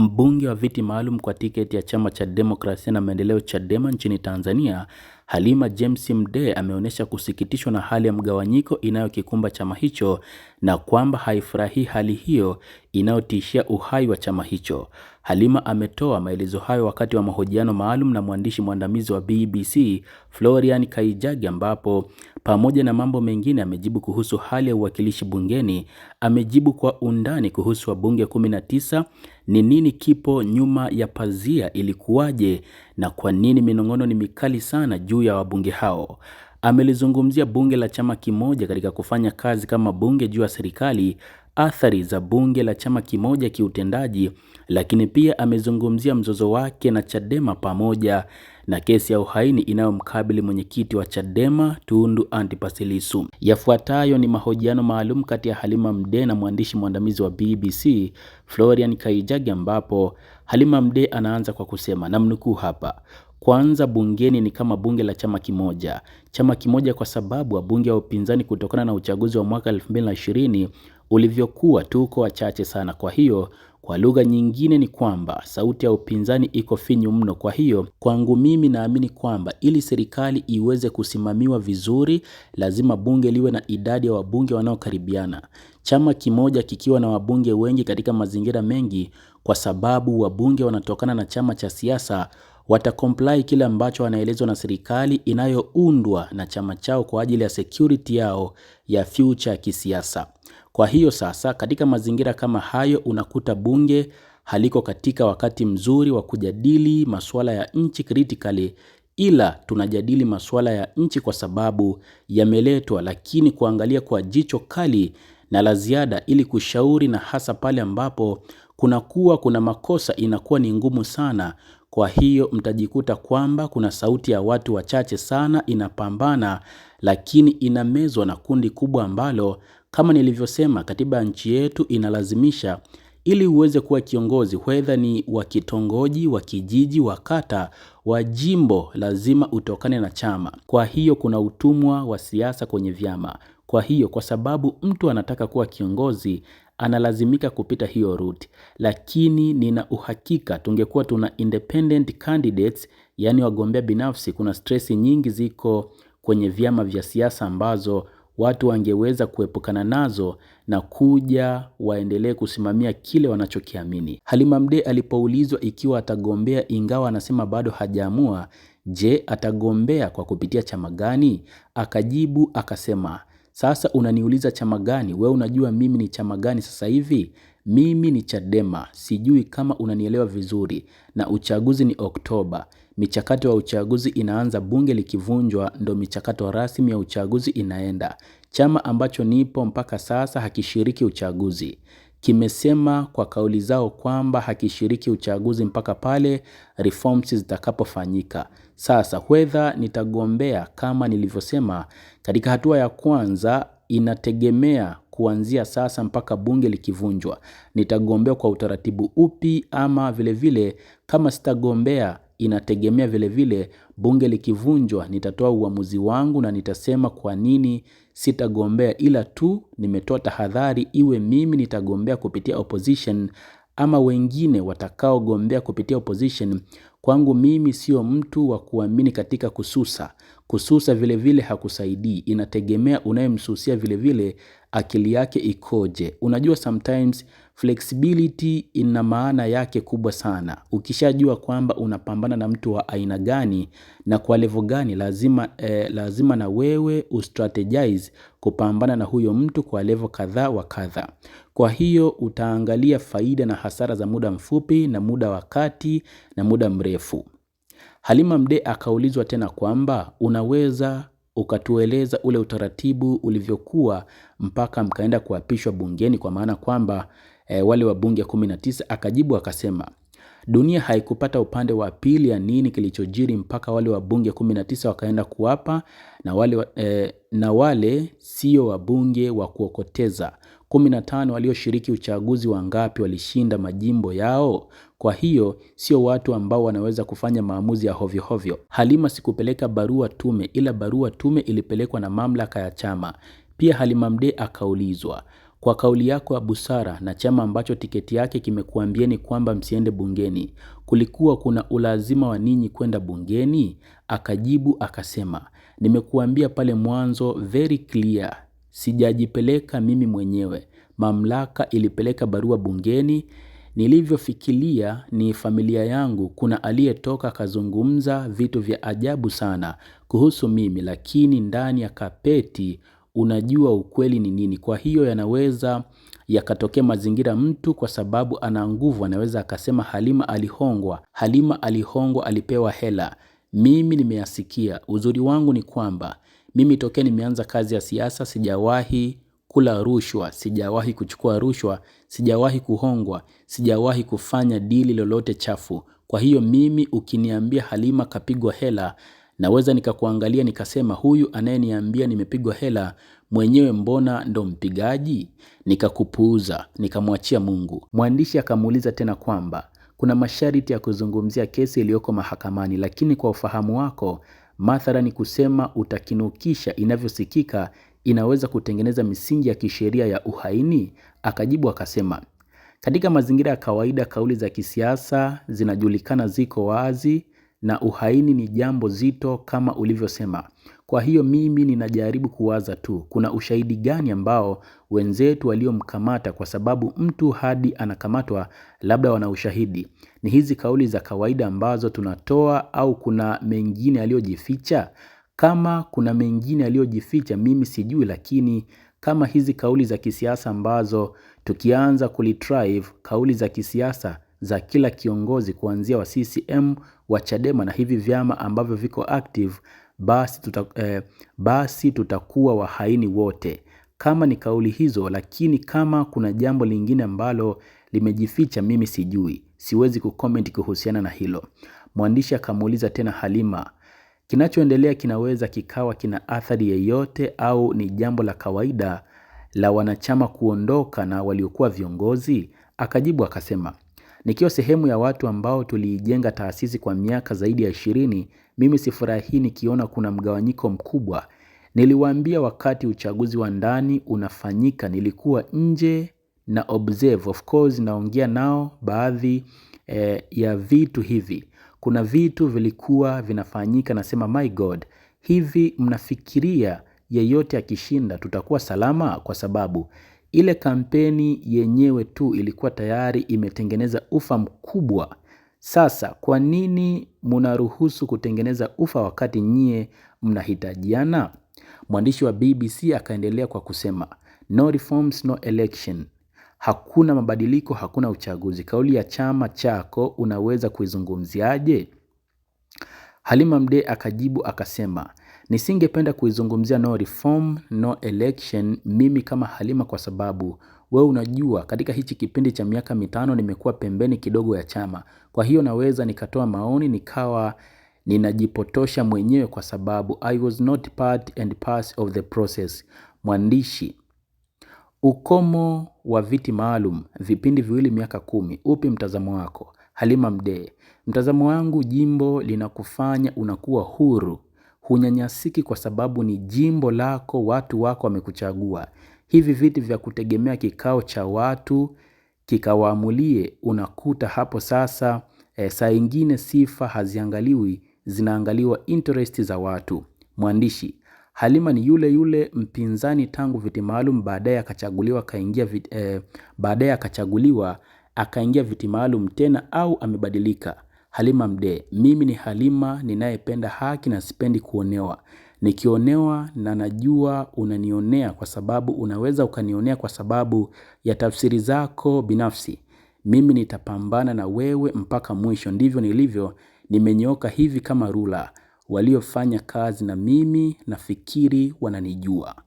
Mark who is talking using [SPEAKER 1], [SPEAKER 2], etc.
[SPEAKER 1] Mbunge wa viti maalum kwa tiketi ya chama cha demokrasia na maendeleo Chadema nchini Tanzania Halima James Mdee ameonyesha kusikitishwa na hali ya mgawanyiko inayokikumba chama hicho na kwamba haifurahii hali hiyo inayotishia uhai wa chama hicho. Halima ametoa maelezo hayo wakati wa mahojiano maalum na mwandishi mwandamizi wa BBC Florian Kaijagi, ambapo pamoja na mambo mengine amejibu kuhusu hali ya uwakilishi bungeni. Amejibu kwa undani kuhusu wabunge 19, ni nini kipo nyuma ya pazia, ilikuwaje na kwa nini minong'ono ni mikali sana juu ya wabunge hao. Amelizungumzia bunge la chama kimoja katika kufanya kazi kama bunge juu ya serikali, athari za bunge la chama kimoja kiutendaji, lakini pia amezungumzia mzozo wake na Chadema pamoja na kesi ya uhaini inayomkabili mwenyekiti wa Chadema Tundu Antipas Lissu. Yafuatayo ni mahojiano maalum kati ya Halima Mdee na mwandishi mwandamizi wa BBC Florian Kaijage ambapo Halima Mdee anaanza kwa kusema, namnukuu hapa: kwanza bungeni ni kama bunge la chama kimoja, chama kimoja kwa sababu wabunge wa upinzani kutokana na uchaguzi wa mwaka 2020 ulivyokuwa, tuko wachache sana. Kwa hiyo kwa lugha nyingine ni kwamba sauti ya upinzani iko finyu mno. Kwa hiyo kwangu mimi naamini kwamba ili serikali iweze kusimamiwa vizuri, lazima bunge liwe na idadi ya wabunge wanaokaribiana, chama kimoja kikiwa na wabunge wengi katika mazingira mengi, kwa sababu wabunge wanatokana na chama cha siasa watakomplai kile ambacho wanaelezwa na serikali inayoundwa na chama chao kwa ajili ya security yao ya future ya kisiasa. Kwa hiyo sasa, katika mazingira kama hayo, unakuta bunge haliko katika wakati mzuri wa kujadili masuala ya nchi critically, ila tunajadili masuala ya nchi kwa sababu yameletwa, lakini kuangalia kwa jicho kali na la ziada ili kushauri, na hasa pale ambapo kunakuwa kuna makosa, inakuwa ni ngumu sana. Kwa hiyo mtajikuta kwamba kuna sauti ya watu wachache sana inapambana, lakini inamezwa na kundi kubwa ambalo kama nilivyosema, katiba ya nchi yetu inalazimisha ili uweze kuwa kiongozi, whether ni wa kitongoji, wa kijiji, wa kata, wa jimbo, lazima utokane na chama. Kwa hiyo kuna utumwa wa siasa kwenye vyama. Kwa hiyo kwa sababu mtu anataka kuwa kiongozi analazimika kupita hiyo route, lakini nina uhakika tungekuwa tuna independent candidates, yani wagombea binafsi, kuna stresi nyingi ziko kwenye vyama vya siasa ambazo watu wangeweza kuepukana nazo na kuja waendelee kusimamia kile wanachokiamini. Halima Mdee alipoulizwa ikiwa atagombea, ingawa anasema bado hajaamua, je, atagombea kwa kupitia chama gani? Akajibu akasema sasa unaniuliza chama gani? Wewe unajua mimi ni chama gani sasa hivi? Mimi ni Chadema. Sijui kama unanielewa vizuri. Na uchaguzi ni Oktoba. Michakato ya uchaguzi inaanza, bunge likivunjwa ndo michakato rasmi ya uchaguzi inaenda. Chama ambacho nipo mpaka sasa hakishiriki uchaguzi. Kimesema kwa kauli zao kwamba hakishiriki uchaguzi mpaka pale reforms zitakapofanyika. Sasa whether nitagombea kama nilivyosema, katika hatua ya kwanza inategemea kuanzia sasa mpaka bunge likivunjwa, nitagombea kwa utaratibu upi? Ama vilevile vile, kama sitagombea inategemea vilevile vile, bunge likivunjwa nitatoa uamuzi wangu na nitasema kwa nini sitagombea, ila tu nimetoa tahadhari, iwe mimi nitagombea kupitia opposition ama wengine watakaogombea kupitia opposition Kwangu mimi sio mtu wa kuamini katika kususa. Kususa vile vile hakusaidii. Inategemea unayemsusia vile vile akili yake ikoje. Unajua sometimes Flexibility ina maana yake kubwa sana. Ukishajua kwamba unapambana na mtu wa aina gani na kwa level gani lazima, eh, lazima na wewe ustrategize kupambana na huyo mtu kwa level kadhaa wa kadha. Kwa hiyo utaangalia faida na hasara za muda mfupi na muda wa kati na muda mrefu. Halima Mdee akaulizwa tena kwamba unaweza ukatueleza ule utaratibu ulivyokuwa mpaka mkaenda kuapishwa bungeni kwa maana kwamba e, wale wabunge 19 akajibu akasema, dunia haikupata upande wa pili ya nini kilichojiri mpaka wale wabunge 19 wakaenda kuapa na wale, e, na wale sio wabunge wa kuokoteza 15 walioshiriki uchaguzi wangapi walishinda majimbo yao? Kwa hiyo sio watu ambao wanaweza kufanya maamuzi ya hovyo hovyo. Halima sikupeleka barua tume, ila barua tume ilipelekwa na mamlaka ya chama. Pia Halima Mdee akaulizwa kwa kauli yako ya busara na chama ambacho tiketi yake kimekuambieni kwamba msiende bungeni, kulikuwa kuna ulazima wa ninyi kwenda bungeni? Akajibu akasema, nimekuambia pale mwanzo very clear, sijajipeleka mimi mwenyewe, mamlaka ilipeleka barua bungeni. Nilivyofikiria ni familia yangu, kuna aliyetoka akazungumza vitu vya ajabu sana kuhusu mimi, lakini ndani ya kapeti unajua ukweli ni nini. Kwa hiyo yanaweza yakatokea mazingira mtu kwa sababu ana nguvu, anaweza akasema Halima alihongwa, Halima alihongwa, alipewa hela. Mimi nimeyasikia. Uzuri wangu ni kwamba mimi tokea nimeanza kazi ya siasa sijawahi kula rushwa, sijawahi kuchukua rushwa, sijawahi kuhongwa, sijawahi kufanya dili lolote chafu. Kwa hiyo mimi ukiniambia Halima kapigwa hela, Naweza nikakuangalia nikasema huyu anayeniambia nimepigwa hela mwenyewe mbona ndo mpigaji? Nikakupuuza, nikamwachia Mungu. Mwandishi akamuuliza tena kwamba kuna masharti ya kuzungumzia kesi iliyoko mahakamani, lakini kwa ufahamu wako, mathara ni kusema utakinukisha inavyosikika, inaweza kutengeneza misingi ya kisheria ya uhaini. Akajibu akasema katika mazingira ya kawaida kauli za kisiasa zinajulikana, ziko wazi, na uhaini ni jambo zito kama ulivyosema. Kwa hiyo mimi ninajaribu kuwaza tu, kuna ushahidi gani ambao wenzetu waliomkamata kwa sababu mtu hadi anakamatwa labda wana ushahidi. Ni hizi kauli za kawaida ambazo tunatoa au kuna mengine yaliyojificha? Kama kuna mengine yaliyojificha mimi sijui lakini kama hizi kauli za kisiasa ambazo tukianza kulitrive kauli za kisiasa za kila kiongozi kuanzia wa CCM wa Chadema na hivi vyama ambavyo viko active, basi, tuta, eh, basi tutakuwa wahaini wote. Kama ni kauli hizo, lakini kama kuna jambo lingine ambalo limejificha, mimi sijui, siwezi kucomment kuhusiana na hilo. Mwandishi akamuuliza tena Halima, kinachoendelea kinaweza kikawa kina athari yeyote au ni jambo la kawaida la wanachama kuondoka na waliokuwa viongozi? Akajibu akasema Nikiwa sehemu ya watu ambao tuliijenga taasisi kwa miaka zaidi ya ishirini, mimi sifurahii nikiona kuna mgawanyiko mkubwa. Niliwaambia wakati uchaguzi wa ndani unafanyika, nilikuwa nje na observe. Of course naongea nao baadhi eh, ya vitu hivi. Kuna vitu vilikuwa vinafanyika nasema my God, hivi mnafikiria yeyote akishinda tutakuwa salama? Kwa sababu ile kampeni yenyewe tu ilikuwa tayari imetengeneza ufa mkubwa. Sasa kwa nini mnaruhusu kutengeneza ufa wakati nyie mnahitajiana? Mwandishi wa BBC akaendelea kwa kusema no reforms, no election, hakuna mabadiliko, hakuna uchaguzi. Kauli ya chama chako unaweza kuizungumziaje? Halima Mdee akajibu akasema Nisingependa kuizungumzia no reform, no election mimi kama Halima kwa sababu wewe unajua katika hichi kipindi cha miaka mitano nimekuwa pembeni kidogo ya chama. Kwa hiyo naweza nikatoa maoni nikawa ninajipotosha mwenyewe kwa sababu I was not part and pass of the process. Mwandishi, ukomo wa viti maalum, vipindi viwili miaka kumi, upi mtazamo wako? Halima Mdee, mtazamo wangu jimbo linakufanya unakuwa huru hunyanyasiki kwa sababu ni jimbo lako, watu wako wamekuchagua. Hivi viti vya kutegemea kikao cha watu kikawaamulie, unakuta hapo sasa e, saa ingine sifa haziangaliwi, zinaangaliwa interest za watu. Mwandishi Halima ni yule yule mpinzani tangu viti maalum, baadaye akachaguliwa kaingia vit, eh, baadaye akachaguliwa akaingia viti maalum tena au amebadilika? Halima Mdee, mimi ni Halima ninayependa haki na sipendi kuonewa. Nikionewa na najua unanionea kwa sababu unaweza ukanionea kwa sababu ya tafsiri zako binafsi. Mimi nitapambana na wewe mpaka mwisho ndivyo nilivyo nimenyoka hivi kama rula. Waliofanya kazi na mimi nafikiri wananijua.